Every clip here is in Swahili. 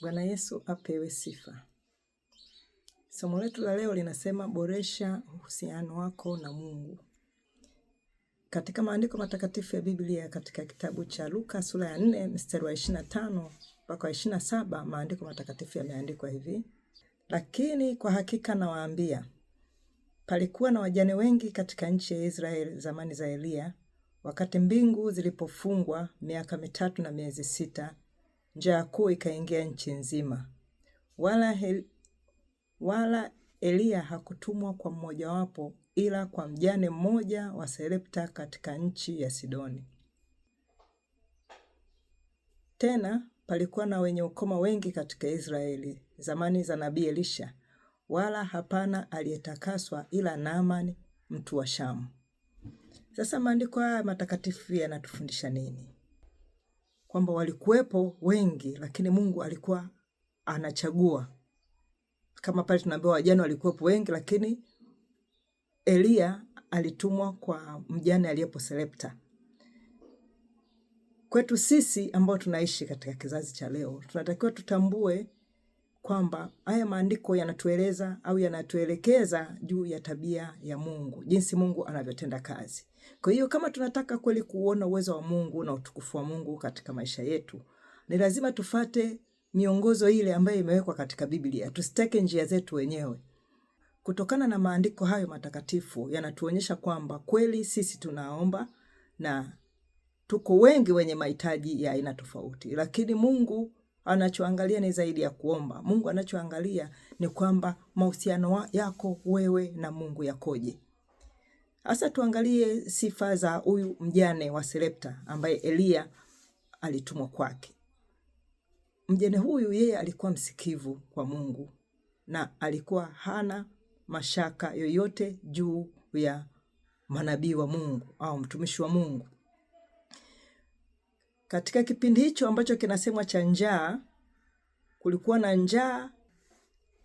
Bwana Yesu apewe sifa. Somo letu la leo linasema boresha uhusiano wako na Mungu. Katika maandiko matakatifu ya Biblia, katika kitabu cha Luka sura ya 4 mstari wa 25 mpaka 27, maandiko matakatifu yameandikwa hivi: lakini kwa hakika nawaambia, palikuwa na wajane wengi katika nchi ya Israeli zamani za Eliya, wakati mbingu zilipofungwa miaka mitatu na miezi sita Njaa kuu ikaingia nchi nzima. Wala, hel, wala Eliya hakutumwa kwa mmojawapo ila kwa mjane mmoja wa serepta katika nchi ya Sidoni. Tena palikuwa na wenye ukoma wengi katika Israeli zamani za nabii Elisha, wala hapana aliyetakaswa ila naaman mtu wa Shamu. Sasa maandiko haya matakatifu yanatufundisha nini? kwamba walikuwepo wengi, lakini Mungu alikuwa anachagua. Kama pale tunaambiwa wajane walikuwepo wengi, lakini Eliya alitumwa kwa mjane aliyepo Selepta. Kwetu sisi ambao tunaishi katika kizazi cha leo, tunatakiwa tutambue kwamba haya maandiko yanatueleza au yanatuelekeza juu ya tabia ya Mungu, jinsi Mungu anavyotenda kazi. Kwa hiyo kama tunataka kweli kuona uwezo wa Mungu na utukufu wa Mungu katika maisha yetu, ni lazima tufate miongozo ile ambayo imewekwa katika Biblia, tusiteke njia zetu wenyewe. Kutokana na maandiko hayo matakatifu yanatuonyesha kwamba kweli sisi tunaomba na tuko wengi wenye mahitaji ya aina tofauti, lakini Mungu anachoangalia ni zaidi ya kuomba. Mungu anachoangalia ni kwamba mahusiano yako wewe na Mungu yakoje hasa tuangalie sifa za huyu mjane wa Sarepta ambaye Eliya alitumwa kwake. Mjane huyu yeye alikuwa msikivu kwa Mungu na alikuwa hana mashaka yoyote juu ya manabii wa Mungu au mtumishi wa Mungu. Katika kipindi hicho ambacho kinasemwa cha njaa, kulikuwa na njaa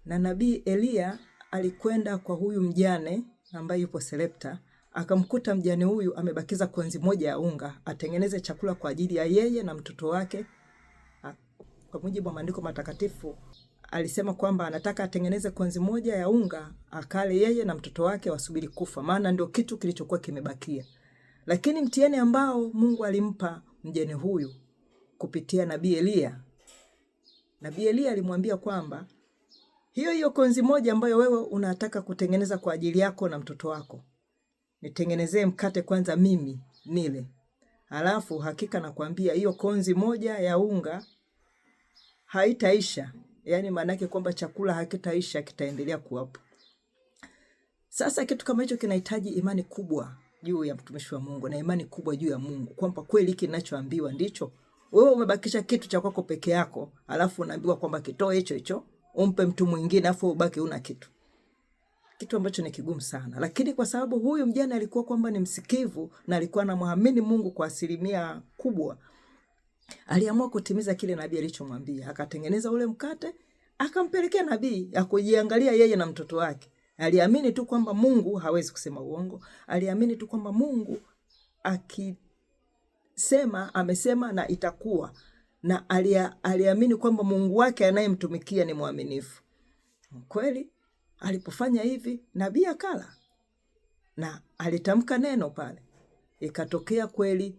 na nabii Eliya alikwenda kwa huyu mjane ambaye yupo Selepta, akamkuta mjane huyu amebakiza kwenzi moja ya unga, atengeneze chakula kwa ajili ya yeye na mtoto wake. Ah, kwa mujibu wa maandiko matakatifu, alisema kwamba anataka atengeneze kwenzi moja ya unga akale yeye na mtoto wake, wasubiri kufa, maana ndio kitu kilichokuwa kimebakia. Lakini mtihani ambao Mungu alimpa mjane huyu kupitia nabii Eliya, nabii Eliya alimwambia kwamba hiyo hiyo konzi moja ambayo wewe unataka kutengeneza kwa ajili yako na mtoto wako, nitengenezee mkate kwanza mimi nile, alafu hakika nakwambia hiyo konzi moja ya unga haitaisha. Yaani maana yake kwamba chakula hakitaisha, kitaendelea kuwapo. Sasa kitu kama hicho kinahitaji imani kubwa juu ya mtumishi wa Mungu na imani kubwa juu ya Mungu kwamba kweli hiki ninachoambiwa ndicho. Wewe umebakisha kitu cha kwako peke yako, alafu unaambiwa kwamba kitoe hicho hicho umpe mtu mwingine afu ubaki una kitu kitu ambacho ni kigumu sana, lakini kwa sababu huyu mjane alikuwa kwamba ni msikivu na alikuwa anamwamini Mungu kwa asilimia kubwa, aliamua kutimiza kile nabii alichomwambia. Akatengeneza ule mkate akampelekea nabii ya kujiangalia yeye na mtoto wake. Aliamini tu kwamba Mungu hawezi kusema uongo, aliamini tu kwamba Mungu akisema amesema na itakuwa na alia, aliamini kwamba Mungu wake anayemtumikia ni mwaminifu. Kweli alipofanya hivi, nabii akala na alitamka neno pale, ikatokea kweli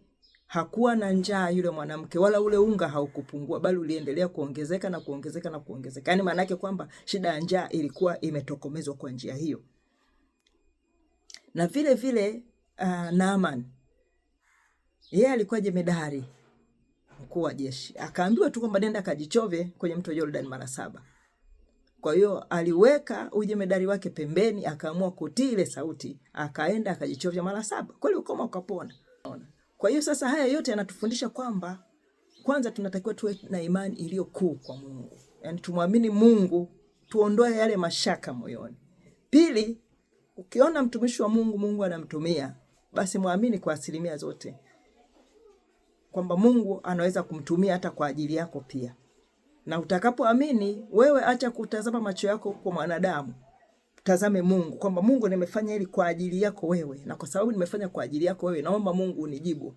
hakuwa na njaa yule mwanamke, wala ule unga haukupungua, bali uliendelea kuongezeka na kuongezeka na kuongezeka. Yani maana yake kwamba shida ya njaa ilikuwa imetokomezwa kwa njia hiyo. Na vile vile uh, Naaman yeye alikuwa jemedari mkuu wa jeshi, akaambiwa tu kwamba nenda kajichove kwenye mto Jordan mara saba. Kwa hiyo aliweka ujemedari wake pembeni, akaamua kutii ile sauti, akaenda akajichovya mara saba, kweli ukoma ukapona. Kwa hiyo sasa, haya yote yanatufundisha kwamba kwanza tunatakiwa tuwe na imani iliyo kuu kwa Mungu, yani tumwamini Mungu, tuondoe yale mashaka moyoni. Pili, ukiona mtumishi wa Mungu Mungu anamtumia, basi mwamini kwa asilimia zote kwamba Mungu anaweza kumtumia hata kwa ajili yako pia. Na utakapoamini wewe, acha kutazama macho yako kwa mwanadamu, tazame Mungu kwamba Mungu, nimefanya hili kwa ajili yako wewe, na kwa sababu nimefanya kwa ajili yako wewe, naomba Mungu unijibu,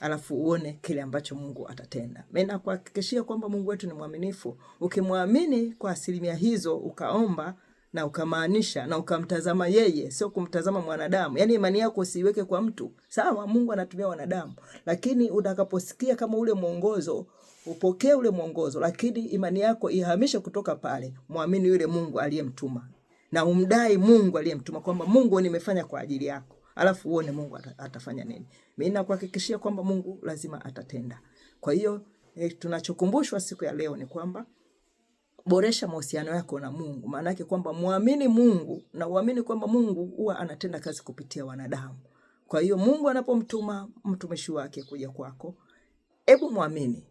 alafu uone kile ambacho Mungu atatenda. Mimi nakuhakikishia kwamba Mungu wetu ni mwaminifu. Ukimwamini kwa asilimia hizo ukaomba na ukamaanisha na ukamtazama yeye, sio kumtazama mwanadamu. Yani imani yako usiiweke kwa mtu. Sawa, Mungu anatumia wanadamu, lakini utakaposikia kama ule mwongozo upokee ule mwongozo, lakini imani yako ihamishe kutoka pale. Mwamini yule Mungu aliyemtuma na umdai Mungu aliyemtuma kwamba Mungu, nimefanya kwa ajili yako, alafu uone Mungu atafanya nini. Mimi nakuhakikishia kwamba Mungu lazima atatenda. Kwa hiyo eh, tunachokumbushwa siku ya leo ni kwamba boresha mahusiano yako na Mungu. Maana yake kwamba muamini Mungu na uamini kwamba Mungu huwa anatenda kazi kupitia wanadamu. Kwa hiyo Mungu anapomtuma mtumishi wake kuja kwako, hebu muamini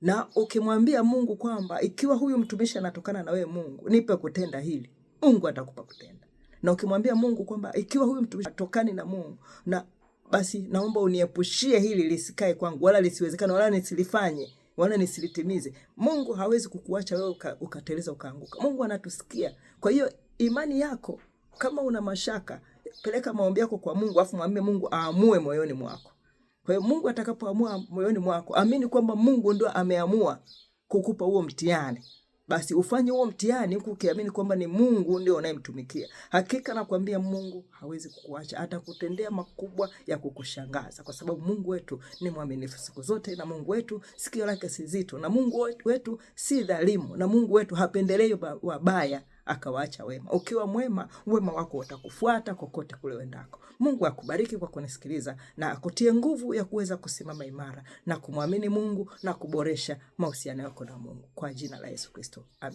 na ukimwambia Mungu kwamba ikiwa huyu mtumishi anatokana na wewe Mungu, nipe kutenda hili, Mungu atakupa kutenda. Na ukimwambia Mungu kwamba ikiwa huyu mtumishi atokani na Mungu, na basi naomba uniepushie hili lisikae kwangu, wala lisiwezekane, wala nisilifanye wana nisilitimize. Mungu hawezi kukuacha wewe uka, ukateleza ukaanguka. Mungu anatusikia. Kwa hiyo imani yako kama una mashaka, peleka maombi yako kwa Mungu afu mwambie Mungu aamue moyoni mwako. Kwa hiyo Mungu atakapoamua moyoni mwako, amini kwamba Mungu ndio ameamua kukupa huo mtihani basi ufanye huo mtihani huku ukiamini kwamba ni Mungu ndio unayemtumikia. Hakika nakwambia Mungu hawezi kukuacha, atakutendea makubwa ya kukushangaza, kwa sababu Mungu wetu ni mwaminifu siku zote, na Mungu wetu sikio lake si zito, na Mungu wetu si dhalimu, na Mungu wetu hapendelei wabaya akawaacha wema. Ukiwa mwema, wema wako utakufuata kokote kule uendako. Mungu akubariki kwa kunisikiliza na akutie nguvu ya kuweza kusimama imara na kumwamini Mungu na kuboresha mahusiano yako na Mungu kwa jina la Yesu Kristo, amen.